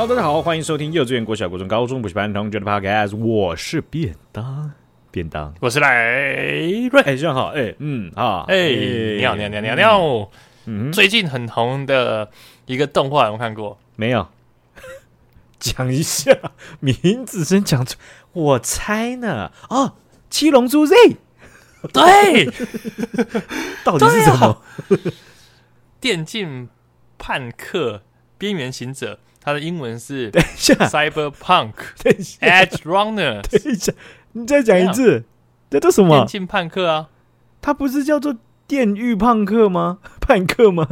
哦、大家好，歡迎收聽幼稚園、國小、國中、高中補習班同學的 podcast。我是便當，便當，我是來瑞。你、哎、好，哎，嗯，啊，哎，你好，嗯、你好，你好，你好，你好。嗯，最近很紅的一個動畫，有看過沒有？講一下名字，先講出。我猜呢，哦，《七龍珠 Z》。對， 到底是什麼？啊、 電馭叛客，邊緣行者。他的英文是等下 Cyberpunk，等下 Edge Runners，等一下,等一下你再講一次，這都樣什麼、啊、電競叛客啊？它不是叫做電馭叛客嗎？叛客嗎、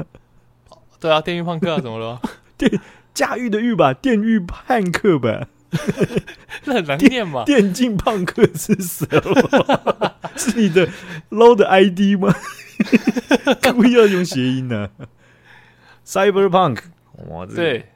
哦？對啊，電馭叛客、啊、怎麼了？ 電，駕馭的馭吧，電馭叛客吧， 那很難念嘛，電競叛客是什麼？ 是你的 l o 撈的 ID 嗎？幹 嘛要用諧音呢、啊、？Cyberpunk，、這個、對。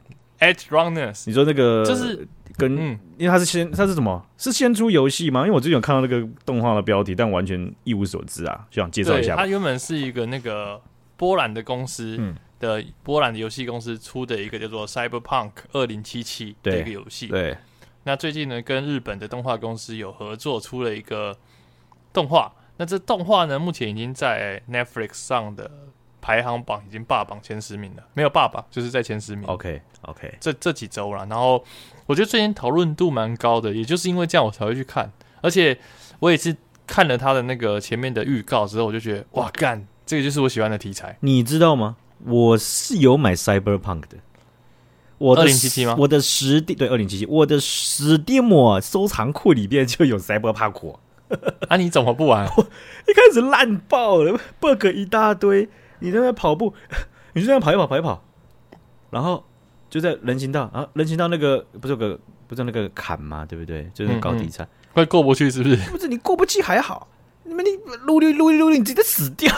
Edgerunners，n 你說那個就是跟，因為他是先，它、嗯、是什麼是先出遊戲嗎？因為我最近有看到那個動畫的標題，但我完全一無所知啊，就想介紹一下。它原本是一個那個波蘭的公司的波蘭的遊戲公司出的一個叫做《Cyberpunk 二零七七》的一個遊戲。對。對。那最近呢，跟日本的動畫公司有合作，出了一個動畫。那這動畫呢，目前已經在 Netflix 上的。排行榜已經霸榜前十名了，沒有霸榜就是在前十名。OK OK，這這幾周了，然後我覺得最近討論度蠻高的，也就是因為這樣我才會去看，而且我也是看了他的那個前面的預告之後，我就覺得哇幹，這個就是我喜歡的題材，你知道嗎？我是有買 Cyberpunk 的，我的二零七七嗎？我的十點，對二零七七，我的 Steam 收藏庫裡邊就有 Cyberpunk，那、 啊、你怎麼不玩？ 我一開始爛爆了 bug 一大堆。你在那跑步，你就這樣跑一跑跑一跑，然後就在人行道啊，人行道那個不是有個不是有那個坎嘛，對不對？就是那高低差，嗯嗯，快過不去是不是？不是你過不去還好，你們你溜溜溜溜溜，你直接死掉。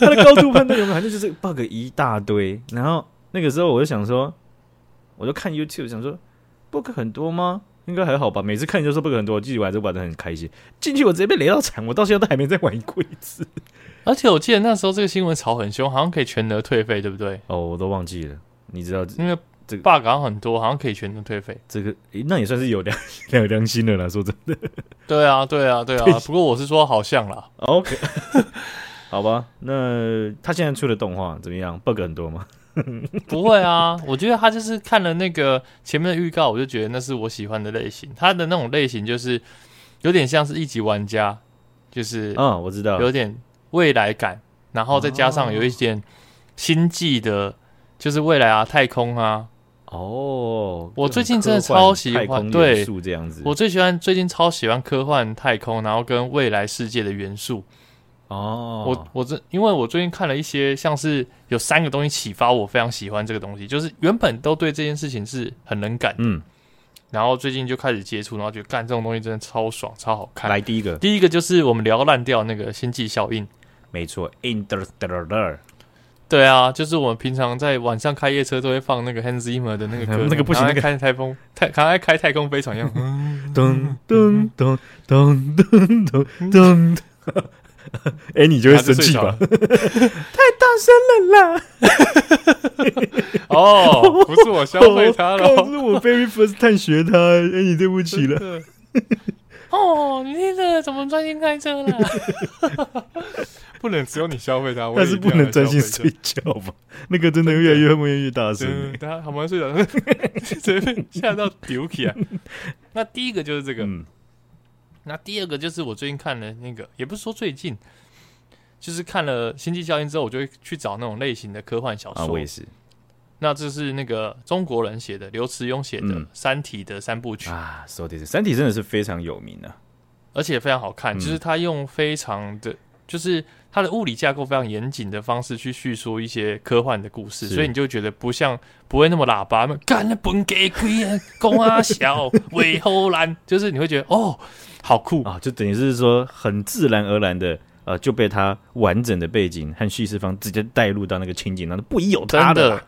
他 的高度判斷有沒有還是就是 bug 一大堆。 然後那個時候我就想說，我就看 YouTube 想說 bug 很多嗎？應該還好吧。每次看你都說 bug 很多，我自己玩都玩得很開心。進去我直接被雷到慘，我到現在都還沒再玩過一次。而且我記得那時候這個新聞炒很兇，好像可以全額退費，對不對？哦，我都忘記了。你知道？因為這個 bug 好像很多，好像可以全額退費。這個誒那也算是有良有良,良心了啦，說真的。對啊，對啊，對啊。對。不過我是說好像啦。哦、OK， 好吧。那他現在出的動畫怎麼樣？bug 很多嗎？ 不會啊，我覺得他就是看了那個前面的預告，我就覺得那是我喜歡的類型。他的那種類型就是有點像是一級玩家，就是嗯、哦，我知道，有點。未來感，然後再加上有一點星際的，oh. 就是未來啊，太空啊。哦，oh, 我最近真的超喜歡，對這樣子，我最喜歡最近超喜歡科幻太空，然後跟未來世界的元素。哦、oh.，我我這因為我最近看了一些，像是有三個東西啟發我，非常喜歡這個東西。就是原本都對這件事情是很冷感，嗯，然後最近就開始接觸，然後覺得幹這種東西真的超爽，超好看。來第一個，第一個就是我們聊爛掉那個星際效應。沒錯，Interstellar，對啊，就是我們平常在晚上開夜車都會放那個 Hans Zimmer 的那個歌， 那個不行，開颱風，太好像在開太空飛船一樣。咚咚咚咚咚咚咚，哎，你就會生氣吧？了 太大聲了啦！哦 oh, 不是我消費他了，是、 oh, 我 Baby First 探學他、欸，哎、 欸，你對不起了。哦、 oh,，你那個怎麼專心開車了？ 不能只有你消費他，但是不能專心睡覺吧？那個真的越越越越大聲，家好難睡覺哈哈，嚇到丟掉啊！那第一個就是這個，那第二個就是我最近看了那個，也不是說最近，就是看了《星際效應》之後，我就去找那種類型的科幻小說。我也是。那這是那個中國人寫的，劉慈庸寫的《三體》的三部曲啊，說的是《三體》真的是非常有名啊，而且非常好看，就是他用非常的就是。它的物理架構非常嚴謹的方式去敘述一些科幻的故事，是所以你就覺得不像不會那麼喇叭嘛，幹了 本給虧啊，公阿小尾後藍，就是你會覺得哦，好酷啊，就等於是說很自然而然的呃就被它完整的背景和敘事方直接帶入到那個情景當中，不一有他的，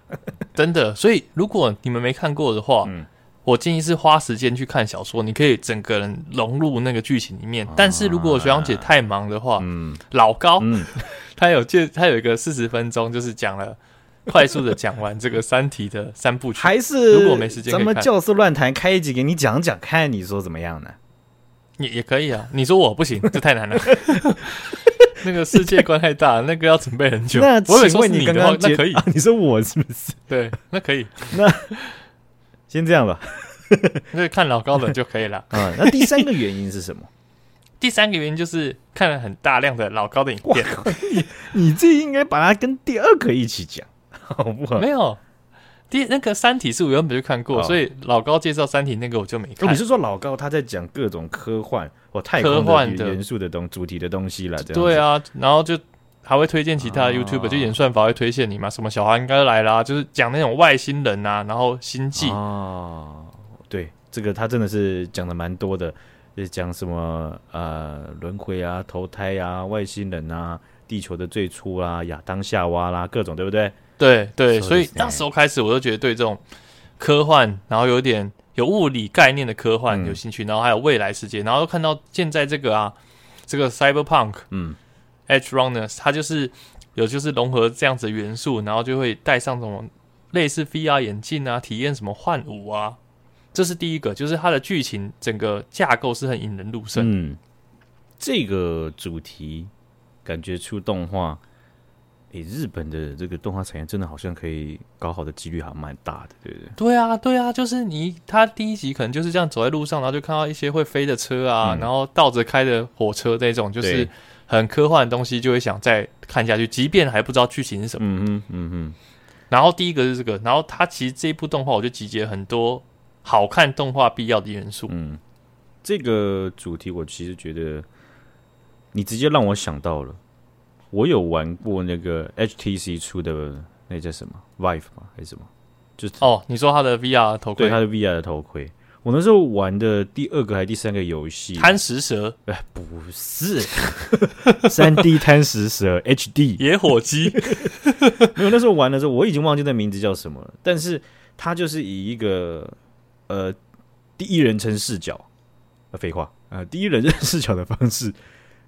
真的， 真的，所以如果你們沒看過的話。嗯我建議是花時間去看小說，你可以整個人融入那個劇情裡面。啊、但是如果學長姐太忙的話，嗯、老高，他、嗯、有借他有一個四十分鐘，就是講了快速的講完這個《三體》的三部曲。還是如果沒時間，咱們教室亂談開一集給你講講看，你說怎麼樣呢？也也可以啊。你說我不行，這太難了。 那個世界觀太大，看那個要準備很久。那請問你剛剛姐，你說我是不是？對，那可以。 那先這樣吧，那 看老高的就可以了。啊、 嗯，那第三個原因是什麼？ 第三個原因就是看了很大量的老高的影片。你這應該把它跟第二個一起講，好不好？沒有，第那個《三體》是我原本就看過，好所以老高介紹《三體》那個我就沒看。你是說老高他在講各種科幻或太空的科幻的元素的東主題的東西了？對啊，然後就。 他會推薦其他 YouTube 就演算法會推薦你嘛？啊、什麼小孩應該來啦、啊，就是講那種外星人啊，然後星際啊，對，這個他真的是講的蠻多的，就是講什麼呃輪回啊、投胎啊、外星人啊、地球的最初啊、亞當夏娃啦、啊，各種對不對？對對，對 So 所以那時候開始我都覺得對這種科幻，然後有點有物理概念的科幻、嗯、有興趣，然後還有未來世界，然後看到現在這個啊，這個 Cyberpunk，嗯。Edge Runners，它就是有就是融合這樣子的元素，然後就會戴上這種類似 VR 眼鏡啊，體驗什麼幻舞啊，這是第一個，就是它的劇情整個架構是很引人入勝。嗯，這個主題感覺出動畫，誒、欸，日本的這個動畫產業真的好像可以搞好的幾率還蠻大的，對不對？對啊，對啊，就是你它第一集可能就是這樣走在路上，然後就看到一些會飛的車啊，嗯、然後倒着開的火車這種，就是。很科幻的東西就會想再看下去，即便還不知道劇情是什麼。嗯嗯嗯嗯。然後第一個是這個，然後它其實這一部動畫我就集結很多好看動畫必要的元素。嗯，這個主題我其實覺得，你直接讓我想到了，我有玩過那個 HTC 出的那叫什麼 Vive 嗎？還是什麼？就哦，你說他的 VR 頭盔？對，他的 VR 頭盔。我那時候玩的第二個還是第三個遊戲？貪食蛇？哎、呃，不是，三 D 貪食蛇 HD 野火雞。 沒有，那時候玩的時候我已經忘記那名字叫什麼了。但是它就是以一個呃第一人稱視角廢、呃、話啊、呃、第一人稱視角的方式，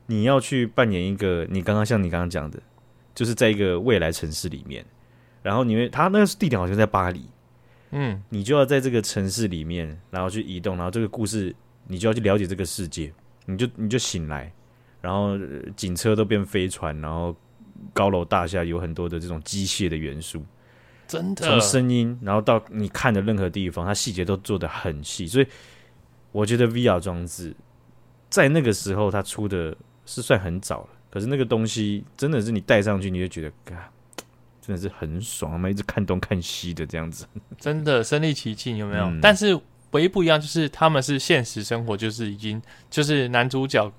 你要去扮演一個你剛剛像你剛剛講的，就是在一個未來城市裡面，然後你會他那個地點好像在巴黎。嗯，你就要在這個城市裡面，然後去移動，然後這個故事你就要去了解這個世界，你就你就醒來，然後警車都變飛船，然後高樓大廈有很多的這種機械的元素，真的。從聲音，然後到你看的任何地方，嗯、它細節都做得很細，所以我覺得 VR 裝置在那個時候它出的是算很早了，可是那個東西真的是你戴上去，你就覺得嘎。真的是很爽，他們一直看東看西的這樣子，真的身歷其境有沒有？嗯、但是唯一不一樣就是他們是現實生活，就是已經就是男主角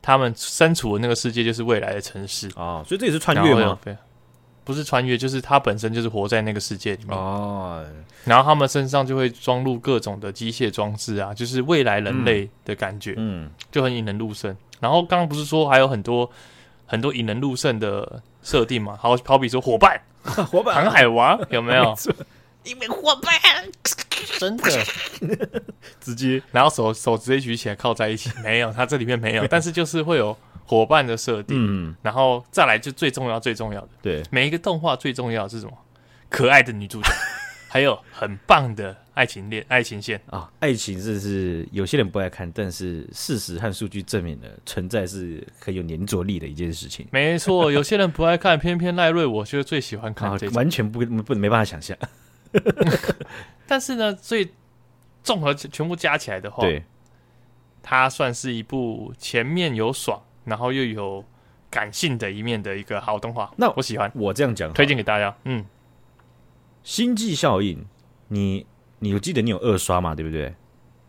他們身處的那個世界就是未來的城市啊、哦，所以這也是穿越嗎？對，不是穿越，就是他本身就是活在那個世界裡面。哦，然後他們身上就會裝入各種的機械裝置啊，就是未來人類的感覺，嗯，嗯就很引人入勝。然後剛剛不是說還有很多。很多引人入勝的設定嘛，好，好比說夥伴， 夥伴航海王有沒有？因為夥伴、啊、真的 直接，然後手手直接舉起來靠在一起，沒有，它這裡面沒有，沒有，但是就是會有夥伴的設定，嗯、然後再來就最重要最重要的，對，每一個動畫最重要的是什麼？可愛的女主角。 還有很棒的愛情戀愛情線啊、哦！愛情這是有些人不愛看，但是事實和數據證明了存在是很有粘着力的一件事情。沒錯，有些人不愛看， 偏偏賴瑞我覺得最喜歡看這。完全不不，不沒辦法想象、 嗯。但是呢，所以綜合全部加起來的話，對，它算是一部前面有爽，然後又有感性的一面的一個好動畫。那我，我喜歡，我這樣講，推薦給大家。嗯。星際效應，你你我記得你有二刷嘛？對不對？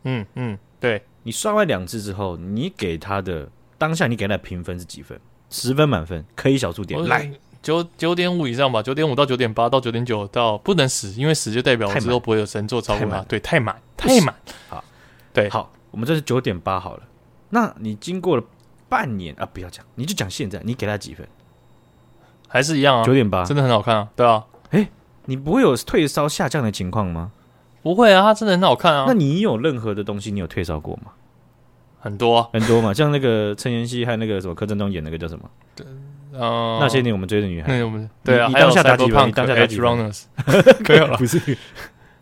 嗯嗯，對。你刷完兩次之後，你給他的當下，你給他的評分是幾分？十分滿分，可以小數點我來九九點五以上吧？九點五到九點八到九點九到不能死，因為死就代表我之後不會有神做操控嘛。了對，太滿太滿。好，對，好，我們這是九點八好了。那你經過了半年啊？不要講，你就講現在，你給他幾分？還是一樣啊？九點八，真的很好看啊。對啊，哎。你不會有退燒下降的情況嗎？不會啊，他真的很好看啊。那你有任何的東西，你有退燒過嗎？很多、啊、很多嘛，像那個陳妍希還有那個什麼柯震東演那個叫什麼？啊、嗯，那些年我們追的女孩。對，我們對啊，你還有打幾分，打幾分。可以了， 不是。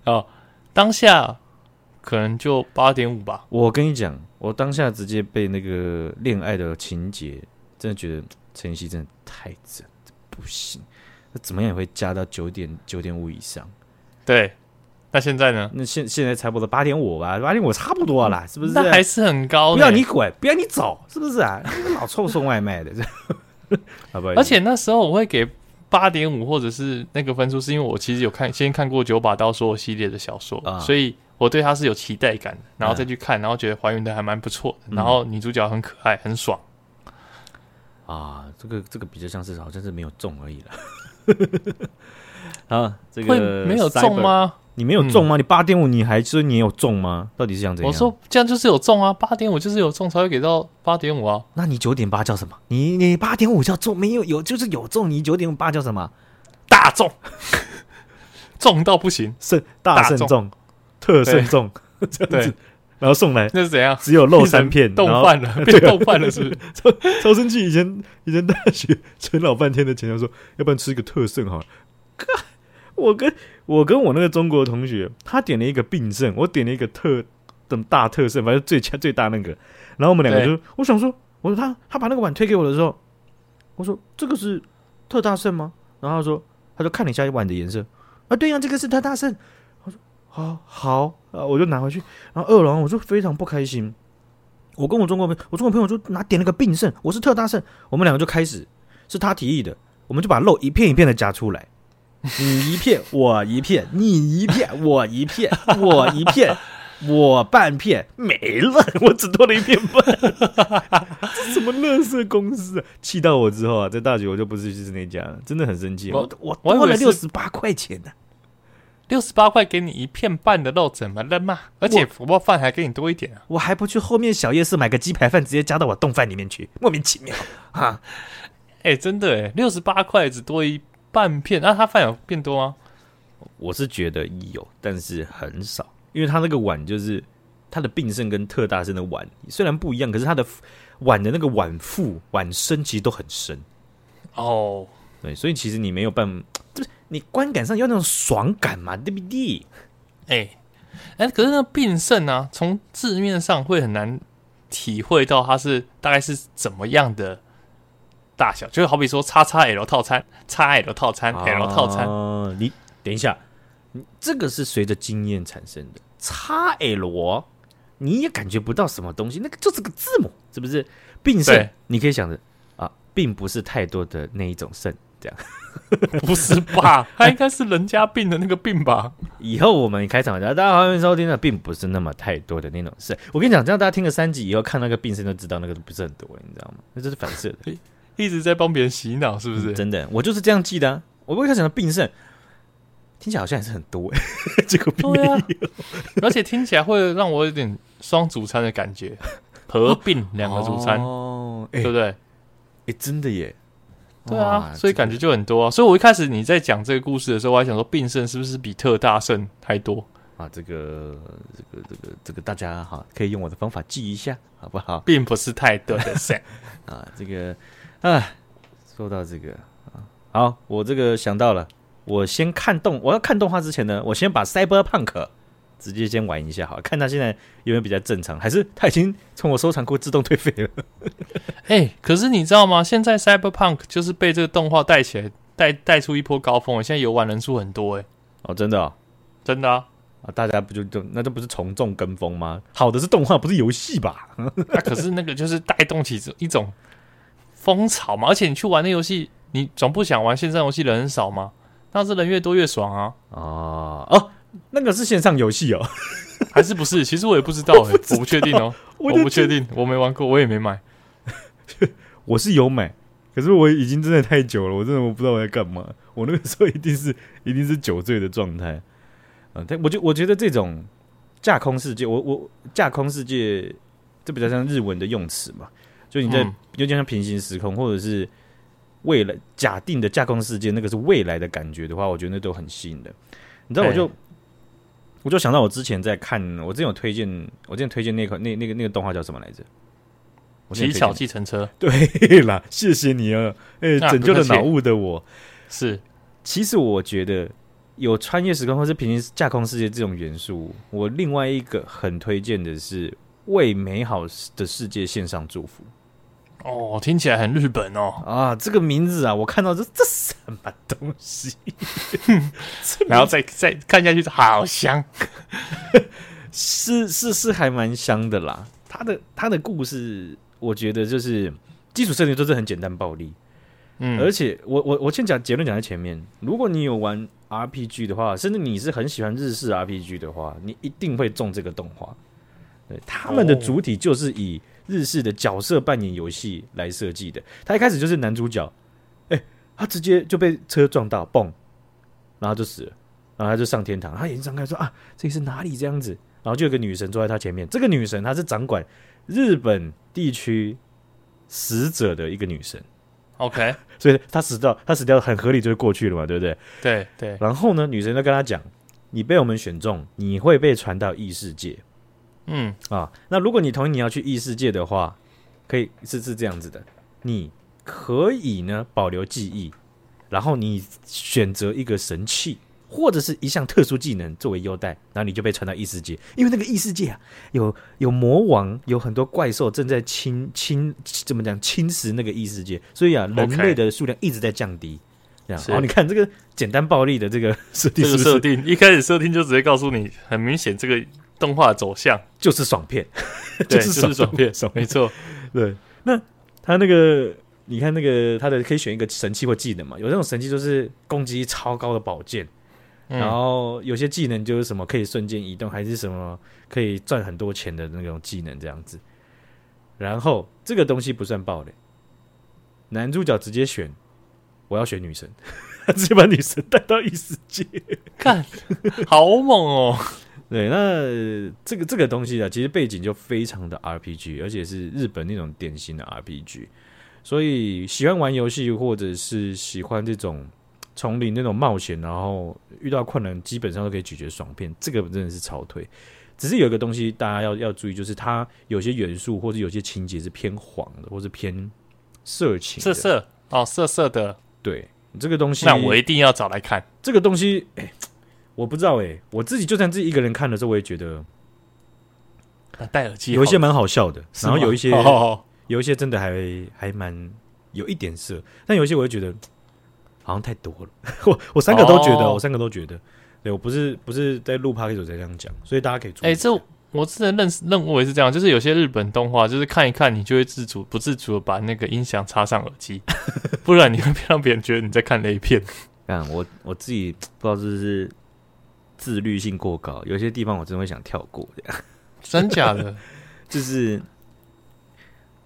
哦，當下可能就八點五吧。 我跟你講，我當下直接被那個戀愛的情節，真的覺得陳妍希真的太真，不行。怎麼樣也會加到九點九點五以上，對。那現在呢？那現現在才播到八點五吧，八點五差不多了啦，是不是、啊？那還是很高的。不要你滾，不要你走，是不是啊？老臭送外賣的， 好好，而且那時候我會給八點五或者是那個分數，是因為我其實有看先看過《九把刀》所有系列的小說，嗯、所以我對他是有期待感的，然後再去看，然後覺得還原的還蠻不錯的，嗯、然後女主角很可愛，很爽。嗯、啊，這個這個比較像是好像是沒有中而已了。呵 啊，這個 Cyber, 會沒有中嗎？你沒有中嗎？嗯、你八點五，你還說你有中嗎？到底是想怎樣？我說這樣就是有中啊，八點五就是有中才會給到八點五啊。那你九點八叫什麼？你你八點五叫中，沒有有就是有中。你九點八叫什麼？大中，重 到不行，甚大甚重，中特甚重，對然後送來，那是怎樣？只有肉三片，凍飯了，被凍飯了，是不是？ 超超生氣！以前以前大學存老半天的錢，就說要不然吃一個特盛好了。我跟我跟我那個中國同學，他點了一個並盛，我點了一個特等大特盛，反正最最大那個。然後我們兩個就，對我想說，我說他他把那個碗推給我的時候，我說這個是特大盛嗎？然後他說，他就看了一下一碗的顏色，啊，對呀，啊，這個是特大盛。哦、好好、啊，我就拿回去。然後二郎我就非常不開心。我跟我中國朋友，我中國朋友就拿點了個並盛，我是特大盛。我們兩個就開始，是他提議的，我們就把肉一片一片的夾出來，你一片，我一片，你一片，我一片，我一片，我半片沒了，我只多了一片半。 什麼樂色公司？氣到我之後啊，在大學我就不是去那家了，真的很生氣，啊。我我多了六十八塊錢的、啊。六十八塊給你一片半的肉，怎麼了嘛？而且福包飯還給你多一點啊我！我還不去後面小夜市買個雞排飯，直接加到我丼飯裡面去，莫名其妙啊！哎哈、欸，真的，六十八塊只多一半片，那、啊、他飯有變多嗎？我是覺得有，但是很少，因為他那個碗就是他的並盛跟特大盛的碗雖然不一樣，可是他的碗的那個碗腹碗身其實都很深哦。Oh. 對，所以其實你沒有辦你觀感上要那種爽感嘛，對不對？哎、欸欸、可是那病腎啊，從字面上會很難體會到它是大概是怎麼樣的大小，就好比說叉叉 L 套餐，叉、啊、L 套餐，L 套餐。你等一下，這個是隨着經驗產生的叉 L，你也感覺不到什麼東西，那個就是個字母，是不是？病腎，對你可以想着啊，並不是太多的那一種腎這樣。 不是吧？他應該是人家病的那個病吧？以後我們開場，大家歡迎收聽的，並不是那麼太多的那種事。我跟你講，這樣大家聽了三集以後，看那個病腎就知道那個不是很多，你知道嗎？那這是反射的， 一直在幫別人洗腦，是不是、嗯？真的，我就是這樣記的、啊。我不會看什麼病腎，聽起來好像還是很多哎，這個病啊， 而且聽起來會讓我有點雙主餐的感覺，合併兩個主餐，哦。Oh, 對不對？哎、欸欸，真的耶。對啊，所以感覺就很多啊，所以我一開始你在講這個故事的時候，我還想說，病腎是不是比特大腎還多啊？這個這個這個這個大家哈，可以用我的方法記一下，好不好？並不是太多的腎 啊，這個啊，說到這個啊，好，我這個想到了，我先看動，我要看動畫之前呢，我先把《Cyberpunk》。直接先玩一下好，好看他現在有沒有比較正常，還是他已經從我收藏庫自動退費了？哎、欸，可是你知道嗎？現在 Cyberpunk 就是被這個動畫帶起來，帶帶出一波高峰。現在遊玩人數很多，欸，哎，哦，真的，哦，真的啊！大家不就那就那，這不是從眾跟風嗎？好的是動畫，不是遊戲吧？ 那可是那個就是帶動起一種風潮嘛。而且你去玩那遊戲，你總不想玩線上遊戲人很少嗎？但是人越多越爽啊！啊、哦，哦。那個是線上遊戲哦， 還是不是？其實我也不知道、欸，我不確定哦，我不確定，我沒玩過，我也沒買。 我是有買，可是我已經真的太久了，我真的我不知道我在幹嘛。我那個時候一定是一定是酒醉的狀態，嗯，但我就我覺得這種架空世界，我我架空世界，這比較像日文的用詞嘛，就你在有點、嗯、像平行時空或者是未來假定的架空世界，那個是未來的感覺的話，我覺得那都很新的。你知道，我就。我就想到我之前在看，我之前有推薦，我之前推薦那,那,那個那那個那個動畫叫什麼來着？奇巧計程車。對啦，謝謝你、欸、啊！誒，拯救了腦霧的我。是，其實我覺得有穿越時空或是平行架空世界這種元素，我另外一個很推薦的是《為美好的世界獻上祝福》。哦，聽起來很日本哦！啊，這個名字啊，我看到這這什麼東西， 然後再再看下去，好香，是是 是，是是還蠻香的啦。他的他的故事，我覺得就是基礎設定都是很簡單暴力，嗯，而且我我我先講結論講在前面，如果你有玩 RPG 的話，甚至你是很喜歡日式 RPG 的話，你一定會中這個動畫，對，他們的主體就是以。哦日式的角色扮演遊戲來設計的，他一開始就是男主角，欸，他直接就被車撞到，嘣，然後就死了，然後他就上天堂，他眼睛張開說啊，這裡是哪裡這樣子？然後就有個女神坐在他前面，這個女神她是掌管日本地區死者的一個女神，OK，所以她死掉，她死掉很合理，就是過去了嘛，對不對？對對。對然後呢，女神就跟他講，你被我們選中，你會被傳到異世界。嗯啊，那如果你同意你要去異世界的話，可以是是這樣子的，你可以呢保留記憶，然後你選擇一個神器或者是一項特殊技能作為優待，然後你就被傳到異世界。因為那個異世界啊，有有魔王，有很多怪獸正在侵侵，侵怎麼講侵蝕那個異世界，所以啊，人類的數量一直在降低。Okay. 這樣是、哦，你看這個簡單暴力的這個設這個設定，一開始設定就直接告訴你，很明顯這個。動畫走向就是爽片，對 就是就是爽片，沒錯，對。那他那個，你看那個，他的可以選一個神器或技能嘛？有那種神器就是攻擊力超高的寶劍，嗯、然後有些技能就是什麼可以瞬間移動，還是什麼可以賺很多錢的那種技能這樣子。然後這個東西不算爆雷，男主角直接選我要選女神，他 直接把女神帶到異世界，看好猛哦！ 對，那這個這個東西啊，其實背景就非常的 RPG，而且是日本那種典型的 RPG，所以喜歡玩遊戲或者是喜歡這種叢林那種冒險，然後遇到困難基本上都可以解決爽，爽片這個真的是超推。只是有一個東西大家要要注意，就是它有些元素或者有些情節是偏黃的，或是偏色情、色色哦，色色的。對，這個東西，那我一定要找來看這個東西。欸我不知道誒、欸，我自己就算自己一個人看了之後，我也覺得、啊、戴耳機有一些蠻好笑的，嗎然後有一些哦哦哦有一些真的還還蠻有一點色，但有一些我也覺得好像太多了。 我我三個都覺得，我三個都覺得，哦、我覺得對我不是不是在錄 podcast 的時候才這樣講，所以大家可以哎、欸，這我之前認識認為是這樣，就是有些日本動畫，就是看一看你就會自主不自主的把那個音響插上耳機， 不然你會讓別人覺得你在看那一片。看我我自己不知道是不是。自律性過高，有些地方我真的會想跳過。真假的， 就是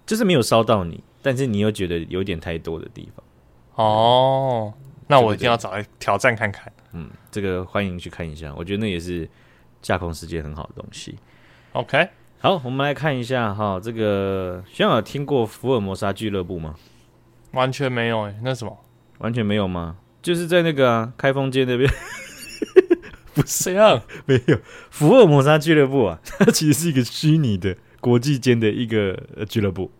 就是沒有燒到你，但是你又覺得有點太多的地方。哦、oh, 嗯，那我一定要找來挑戰看看。嗯，這個歡迎去看一下，我覺得那也是架空世界很好的東西。OK，好，我們來看一下哈，這個小有聽過《福爾摩沙俱樂部》嗎？完全沒有哎、欸，那是什麼？完全沒有嗎？就是在那個、啊、開封街那邊。 不是啊，沒有福爾摩沙俱樂部啊，它其實是一個虛擬的國際間的一個、呃、俱樂部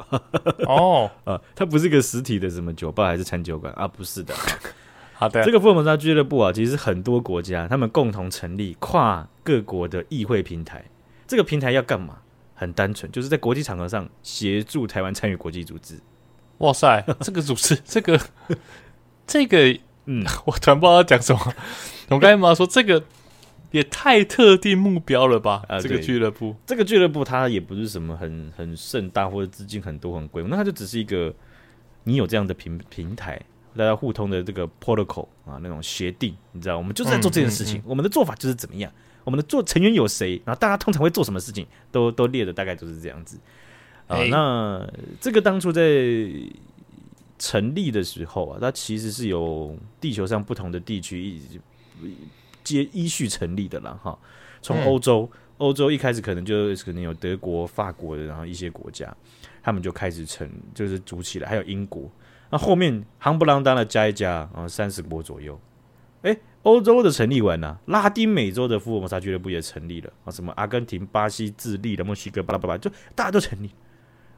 哦、oh. 啊，它不是一個實體的什麼酒吧還是餐酒館啊，不是的。 好的，啊、這個福爾摩沙俱樂部啊，其實是很多國家他們共同成立跨各國的議會平台。這個平台要幹嘛？很單純，就是在國際場合上協助台灣參與國際組織。哇塞，這個組織、 這個，這個這個，嗯，我突然不知道講什麼。我剛才媽媽說這個。也太特定目標了吧？啊、這個俱樂部，這個俱樂部它也不是什麼很很盛大或者資金很多很貴，那它就只是一個你有這樣的平平台，大家互通的這個 protocol 啊，那種協定，你知道，我們就是在做這件事情。嗯、我們的做法就是怎麼樣，我們的做成員有誰，然後大家通常會做什麼事情，都都列的大概就是這樣子啊。欸、那這個當初在成立的時候啊，它其實是由地球上不同的地區一直。些依序成立的了哈，從歐洲，歐、嗯、洲，一開始可能就可能有德國、法國的，然後一些國家，他們就開始成就是組起來。還有英國，那、啊、後面夯不啷當的加一加，然三十國左右，歐、欸、洲的成立完啦、啊，拉丁美洲的福爾摩沙俱樂部也成立了啊，什麼阿根廷、巴西、智利的、墨西哥，巴拉巴拉，就大家都成立。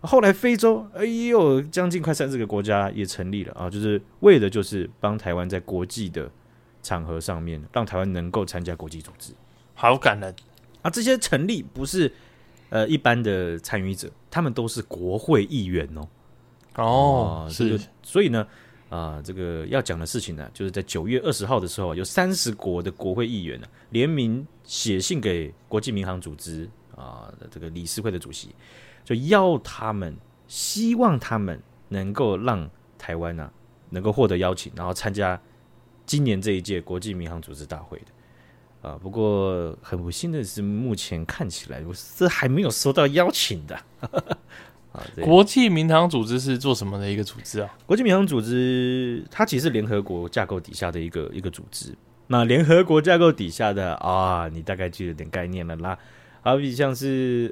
後來非洲，哎呦，將近快三十個國家也成立了啊，就是為了就是幫台灣在國際的。場合上面，讓台灣能夠參加國際組織，好感人啊！這些成立不是呃一般的參與者，他們都是國會議員哦。哦，呃、是，所以呢，啊、呃，這個要講的事情呢、啊，就是在九月二十號的時候，有三十國的國會議員呢、啊、聯名寫信給國際民航組織啊、呃、這個理事會的主席，就要他們，希望他們能夠讓台灣呢、啊、能夠獲得邀請，然後參加。今年這一屆國際民航組織大會的啊，不過很不幸的是，目前看起來我是還沒有收到邀請的。呵呵啊、國際民航組織是做什麼的一個組織啊？國際民航組織它其實是聯合國架構底下的一個一個組織。那聯合國架構底下的啊、哦，你大概記得點概念了啦。那好比像是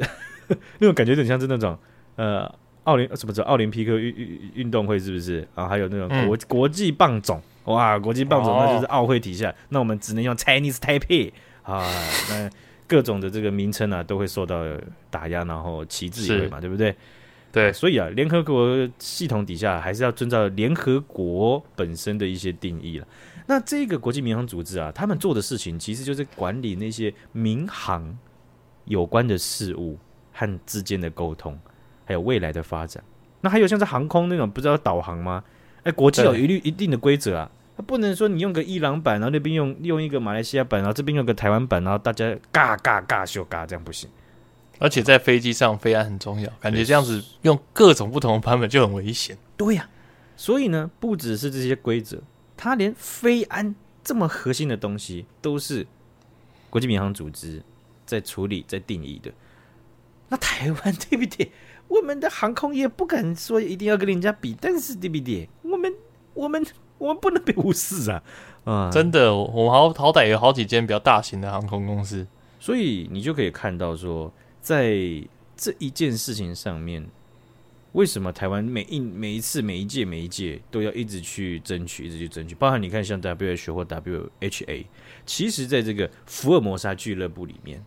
呵呵那種感覺，有點像是那種呃，奧林什麼什麼奧林匹克運運運動會是不是啊？還有那種國、嗯、國際棒總。哇，國際棒總那就是奧會底下，oh. 那我們只能用 Chinese Taipei 啊，那各種的這個名稱啊都會受到打壓，然後旗幟嘛，是對不對？對、啊，所以啊，聯合國系統底下還是要遵照聯合國本身的一些定義了。那這個國際民航組織啊，他們做的事情其實就是管理那些民航有關的事物和之間的溝通，還有未來的發展。那還有像是航空那種，不知道導航嗎？哎、欸，國際有一律一定的規則啊，他不能說你用個伊朗版，然後那邊用用一個馬來西亞版，然後這邊用個台灣版，然後大家嘎嘎嘎修嘎這樣不行。而且在飛機上，嗯、飛安很重要，感覺這樣子用各種不同的版本就很危險。對呀、啊，所以呢，不只是這些規則，他連飛安這麼核心的東西都是國際民航組織在處理、在定義的。那台灣，對不對？我們的航空業不敢說一定要跟人家比，但是對不對？我們我們不能被無視啊！啊、嗯，真的，我好好歹有好幾間比較大型的航空公司，所以你就可以看到說，在這一件事情上面，為什麼台灣每一每一次每一屆每一屆都要一直去爭取，一直去爭取？包含你看像 W H O 或 W H A，其實在這個福爾摩沙俱樂部裡面，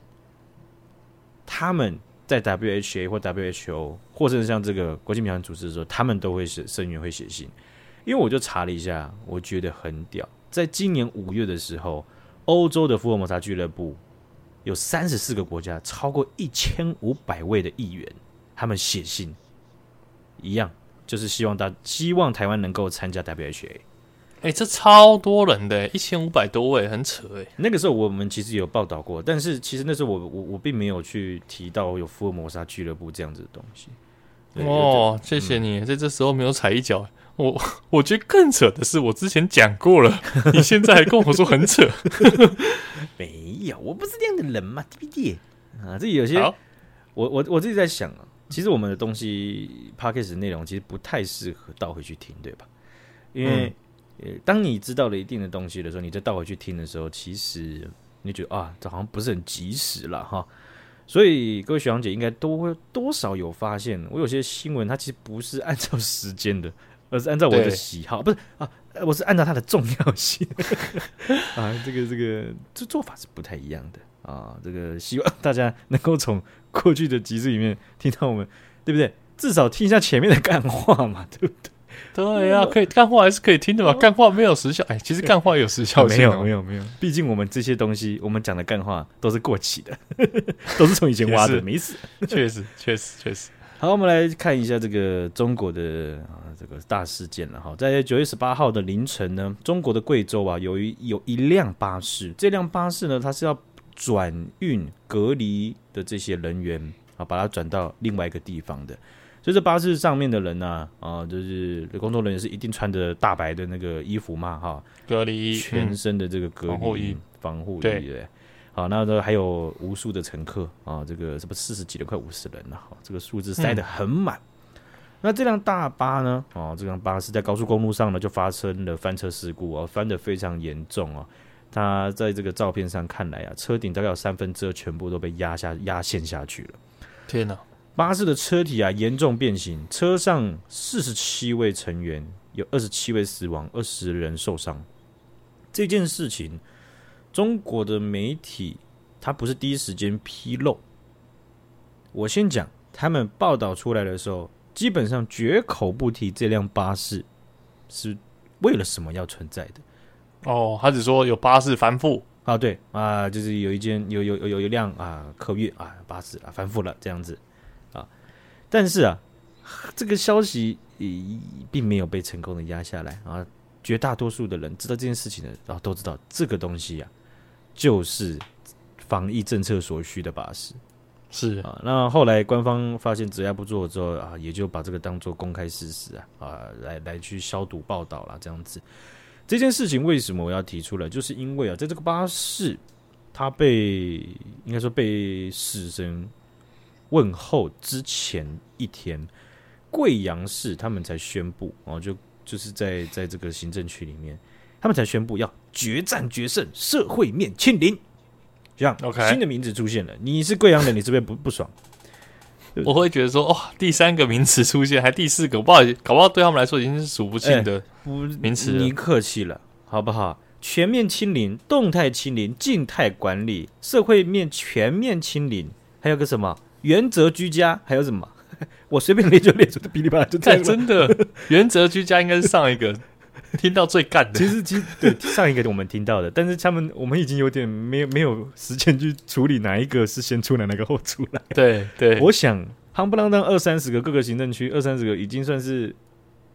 他們在 W H A 或 W H O，或者像這個國際民航組織的時候，他們都會是聲援，會寫信。因為我就查了一下，我覺得很屌。在今年五月的時候，歐洲的福爾摩沙俱樂部有三十四個國家，超過一千五百位的議員，他們寫信，一樣就是希望他希望台灣能夠參加 WHA。哎、欸，這超多人的，一千五百多位，很扯。那個時候我們其實有報道過，但是其實那時候我我我並沒有去提到有福爾摩沙俱樂部這樣子的東西。哦，謝謝你、嗯、在這時候沒有踩一腳。我我覺得更扯的是，我之前講過了， 你現在還跟我說很扯 沒有，我不是這樣的人嘛，弟 d 啊，這有些，好我我我自己在想啊，其實我們的東西 podcast 的內容其實不太適合倒回去聽，對吧？因為、嗯、當你知道了一定的東西的時候，你再倒回去聽的時候，其實你覺得啊，這好像不是很及時了哈。所以各位學長姐應該都會多少有發現，我有些新聞它其實不是按照時間的。而是按照我的喜好對，不是啊、呃，我是按照它的重要性 啊，這個這個這做法是不太一樣的啊。這個希望大家能夠從過去的集子裡面聽到我們，對不對？至少聽一下前面的幹話嘛，對不對？對呀、啊，可以、哦、幹話還是可以聽的嘛，哦、幹話沒有時效，哎，其實幹話有時效沒有沒有沒有，沒有沒有畢竟我們這些東西，我們講的幹話都是過期的， 都是從以前挖的，是沒事，確實確實確實。確實確實好，我們來看一下這個中國的啊，這個大事件了哈。在九月十八號的凌晨呢，中國的貴州啊，有一有一輛巴士，這輛巴士呢，它是要轉運隔離的這些人員啊，把它轉到另外一個地方的。所以這巴士上面的人呢，啊，啊，就是工作人員是一定穿着大白的那個衣服嘛，哈，隔離衣，全身的這個隔離衣、防護、嗯、衣。對好，那這還有無數的乘客啊，這個什麼四十幾人，快五十人了，哈、啊，這個數字塞得很滿。嗯、那這輛大巴呢，哦、啊，這輛巴士在高速公路上呢就發生了翻車事故啊，翻得非常嚴重啊。它在這個照片上看來啊，車頂大概有三分之二全部都被壓下壓陷下去了。天哪！巴士的車體啊嚴重變形，車上四十七位成員有二十七位死亡，二十人受傷。這件事情。中國的媒體，他不是第一時間披露。我先講，他們報道出來的時候，基本上絕口不提這輛巴士是為了什麼要存在的。哦，他只說有巴士翻覆啊，對啊，就是有一間有有有有一輛啊客運啊巴士啊翻覆了這樣子啊。但是啊，這個消息並沒有被成功的壓下來啊。絕大多數的人知道這件事情的，然後，啊，都知道這個東西呀啊。就是防疫政策所需的巴士，是啊。那後來官方發現質押不做之後啊，也就把這個當做公開事實啊啊，來來去消毒報道啦，這樣子。這件事情為什麼我要提出來？就是因為啊，在這個巴士它被應該說被死神問候之前一天，貴陽市他們才宣布哦、啊，就就是在在這個行政區裡面。他們才宣布要決戰決勝，社會面清零。這樣，OK，新的名字出現了。你是貴陽人，你這邊不是不，不爽？ 我會覺得說，哦，第三個名詞出現，還第四個，我不好，搞不好對他們來說已經是數不清的，欸，不名詞。你客氣了，好不好？全面清零，動態清零，靜態管理，社會面全面清零，還有個什麼原則居家？還有什麼？ 我隨便列就列出，噼裡啪啦，真的，原則居家應該是上一個。 聽到最干的，其實，其實，對上一個我們聽到的， 但是他們，我們已經有點沒有沒有時間去處理哪一個是先出來，哪個後出來。對對，對我想夯不啷當二三十個各個行政區二三十個已經算是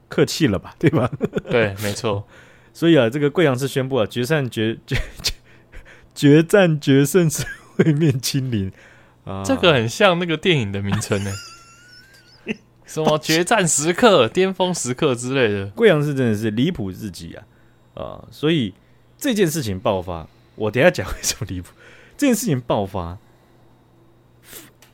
客氣了吧，對吧？ 對，沒錯。所以啊，這個貴陽市宣布啊，決絕絕絕絕戰絕絕絕決戰決勝是會面清零、啊、這個很像那個電影的名稱呢、欸。 什麼決戰時刻、巔峰時刻之類的，貴陽是真的是離譜至極啊！啊，所以這件事情爆發，我等下講為什麼離譜。這件事情爆發，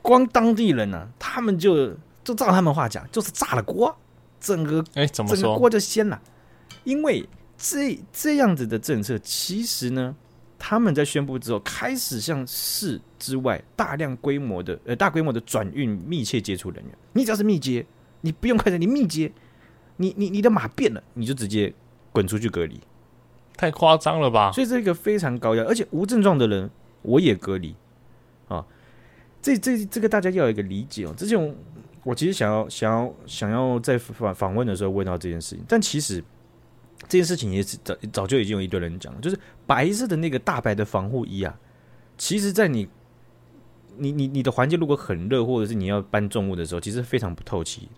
光當地人呢、啊，他們就就照他們話講，就是炸了鍋，整個、欸、怎麼說、整個鍋就掀了，因為這這樣子的政策，其實呢。他們在宣布之後，開始向市之外大量規模的呃、大規模的轉運密切接觸人員。你只要是密接，你不用確診，你密接，你你你的碼變了，你就直接滾出去隔離。太誇張了吧？所以這個非常高壓，而且無症狀的人我也隔離啊、哦。這這這個大家要有一個理解哦。之前我，我其實想要想要想要在訪訪問的時候問到這件事情，但其實。這件事情也是早早就已經有一堆人講了，就是白色的那個大白的防護衣啊，其實在你、你、你、你的環境如果很熱，或者是你要搬重物的時候，其實非常不透氣，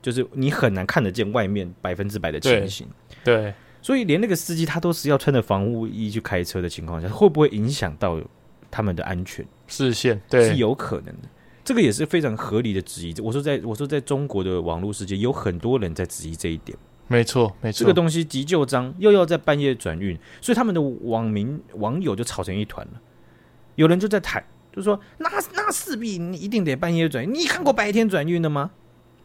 就是你很難看得見外面百分之百的情形。對，對。所以連那個司機他都是要穿着防護衣去開車的情況下，會不會影響到他們的安全視線？對，是有可能的。這個也是非常合理的質疑。我說在，我說在中國的網絡世界，有很多人在質疑這一點。沒錯，沒錯，這個東西急就章又要在半夜轉運，所以他們的網民網友就吵成一團了。有人就在談，就說那那勢必你一定得半夜轉運，你看過白天轉運的嗎？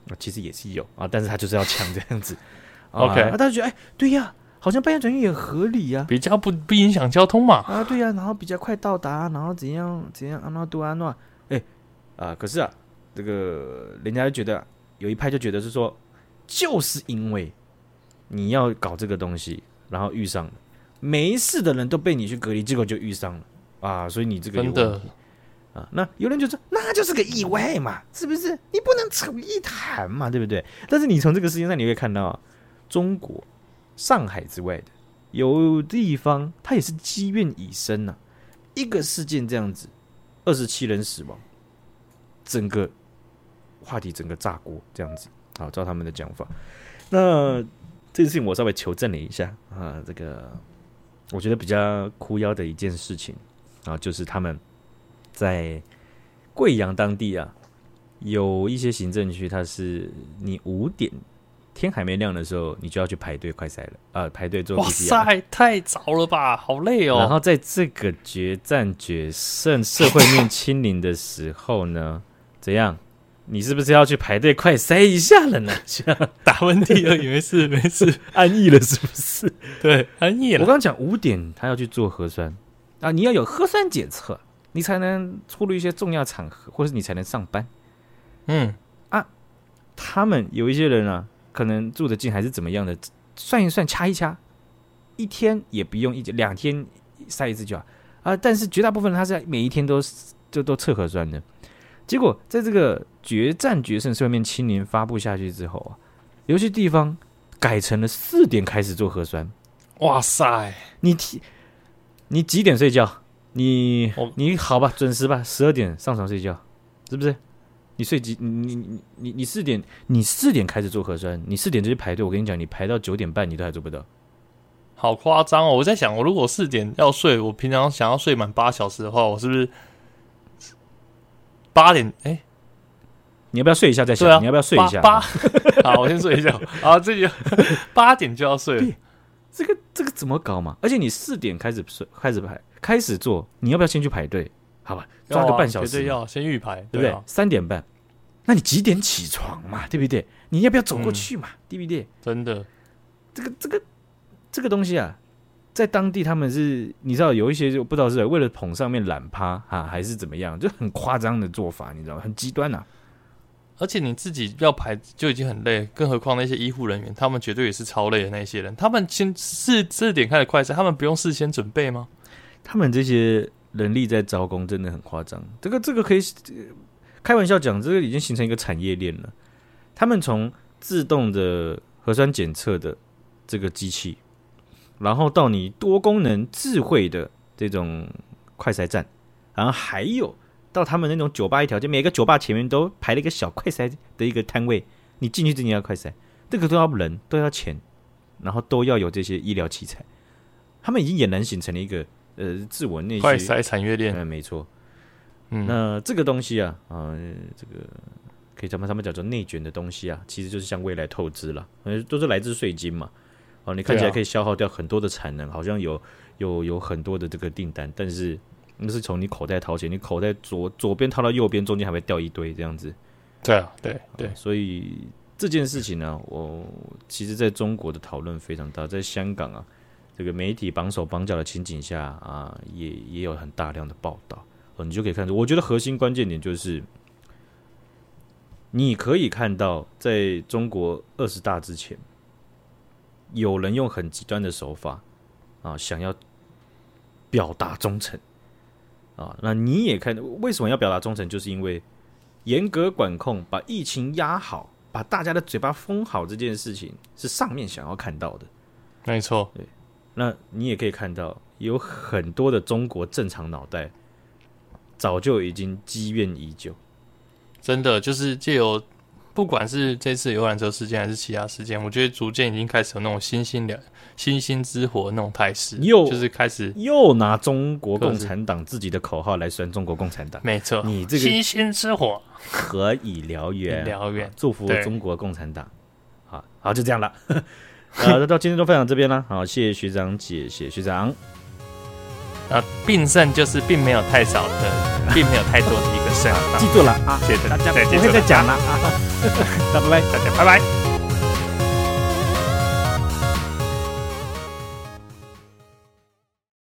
啊，其實也是有啊，但是他就是要搶這樣子。 OK，他、啊、覺得哎，對呀、啊，好像半夜轉運也合理呀、啊，比較不不影響交通嘛。啊，對呀、啊，然後比較快到達，然後怎樣怎樣，阿諾多阿諾，哎，啊，可是啊，這個人家就覺得有一派就覺得就是說，就是因為。你要搞這個東西，然後遇上了，沒事的人都被你去隔離，結果就遇上了啊！所以你這個有問題的啊！那有人就說，那就是個意外嘛，是不是？你不能扯一談嘛，對不對？但是你從這個事件上，你會看到啊，中國上海之外的有地方，它也是積怨已深吶。一個事件這樣子，二十七人死亡，整個話題整個炸鍋這樣子，好，照他們的講法，那。這件事情我稍微求證了一下啊，這個我覺得比較哭腰的一件事情啊，就是他們在貴陽當地啊，有一些行政區，它是你五點天還沒亮的時候，你就要去排隊快篩了啊，排隊做核酸、啊、哇塞，太早了吧，好累哦。然後在這個決戰決勝社會面清零的時候呢， 怎樣？你是不是要去排隊快篩一下了呢？ 打噴嚏，又以為是沒事，沒事 安逸了是不是？ 對，安逸了。我剛剛講五點，他要去做核酸啊！你要有核酸檢測，你才能出入一些重要場合，或是你才能上班。嗯啊，他們有一些人呢、啊，可能住得近還是怎麼樣的，算一算掐一掐，一天也不用一兩天篩一次就好啊。但是絕大部分人，他是每一天都就都測核酸的。結果在這個決戰決勝雙面青年發布下去之後啊，有些地方改成了四點開始做核酸。哇塞，你提你幾點睡覺？你、哦、你好吧，準時吧，十二點上床睡覺，是不是？你睡幾？你你你你四點？你四點開始做核酸？你四點就去排隊？我跟你講，你排到九點半，你都還做不到。好誇張哦！我在想，我如果四點要睡，我平常想要睡滿八小時的話，我是不是？八點哎，欸、你要不要睡一下再想？啊、你要不要睡一下八？八，好，我先睡一下。 好，這就八點就要睡了，對這個這個怎麼搞嘛？而且你四點開始睡，開始排，開始做，你要不要先去排隊？好吧，抓個半小時。絕對要先預排，對不對？對啊、三點半，那你幾點起床嘛？對不對？你要不要走過去嘛？嗯、對不對？真的，這個這個這個東西啊。在當地，他們是你知道有一些就不知道是為了捧上面懶趴啊，還是怎麼樣，就很誇張的做法，你知道嗎？很極端吶。而且你自己要排就已經很累，更何況那些醫護人員，他們絕對也是超累的。那些人他們先是四點開始快車，他們不用事先準備嗎？他們這些人力在招工真的很誇張。這個這個可以開玩笑講，這個已經形成一個產業鏈了。他們從自動的核酸檢測的這個機器。然後到你多功能智慧的這種快篩站，然後還有到他們那種酒吧一條街，每個酒吧前面都排了一個小快篩的一個攤位，你進去之前要快篩。這個都要人，都要錢，然後都要有這些醫療器材。他們已經儼然形成了一個呃自我那些快篩產業鏈、嗯，沒錯。嗯，那這個東西啊，嗯、呃，這個可以咱們他們叫做內捲的東西啊，其實就是向未來透支了，都是來自稅金嘛。哦，你看起來可以消耗掉很多的產能，啊、好像有有有很多的這個訂單，但是那是從你口袋掏錢，你口袋左左邊掏到右邊，中間還會掉一堆這樣子。對啊，對對，所以這件事情呢、啊，我其實在中國的討論非常大，在香港啊，這個媒體綁手綁腳的情景下啊，也也有很大量的報道。哦，你就可以看出，我覺得核心關鍵點就是，你可以看到，在中國二十大之前。有人用很極端的手法，啊，想要表達忠誠，啊，那你也看為什麼要表達忠誠，就是因為嚴格管控，把疫情壓好，把大家的嘴巴封好，這件事情是上面想要看到的，沒錯錯。對，那你也可以看到，有很多的中國正常腦袋早就已經積怨已久，真的就是借由。不管是這次遊覽車事件還是其他事件，我覺得逐漸已經開始有那種星星的星星之火那種態勢，又就是開始又拿中國共產黨自己的口號來酸中國共產黨，沒錯是，你這個星星之火可以燎原，燎原，祝福中國共產黨對。好，好，就這樣了，好、 呃，那到今天就分享這邊了，好，謝謝學長姐，謝謝學長。啊，並勝就是並沒有太少的，並沒有太多的一個勝，啊啊。記住了啊，謝謝在大家，再不會再講了啊，啊呵呵，拜拜，大家拜拜。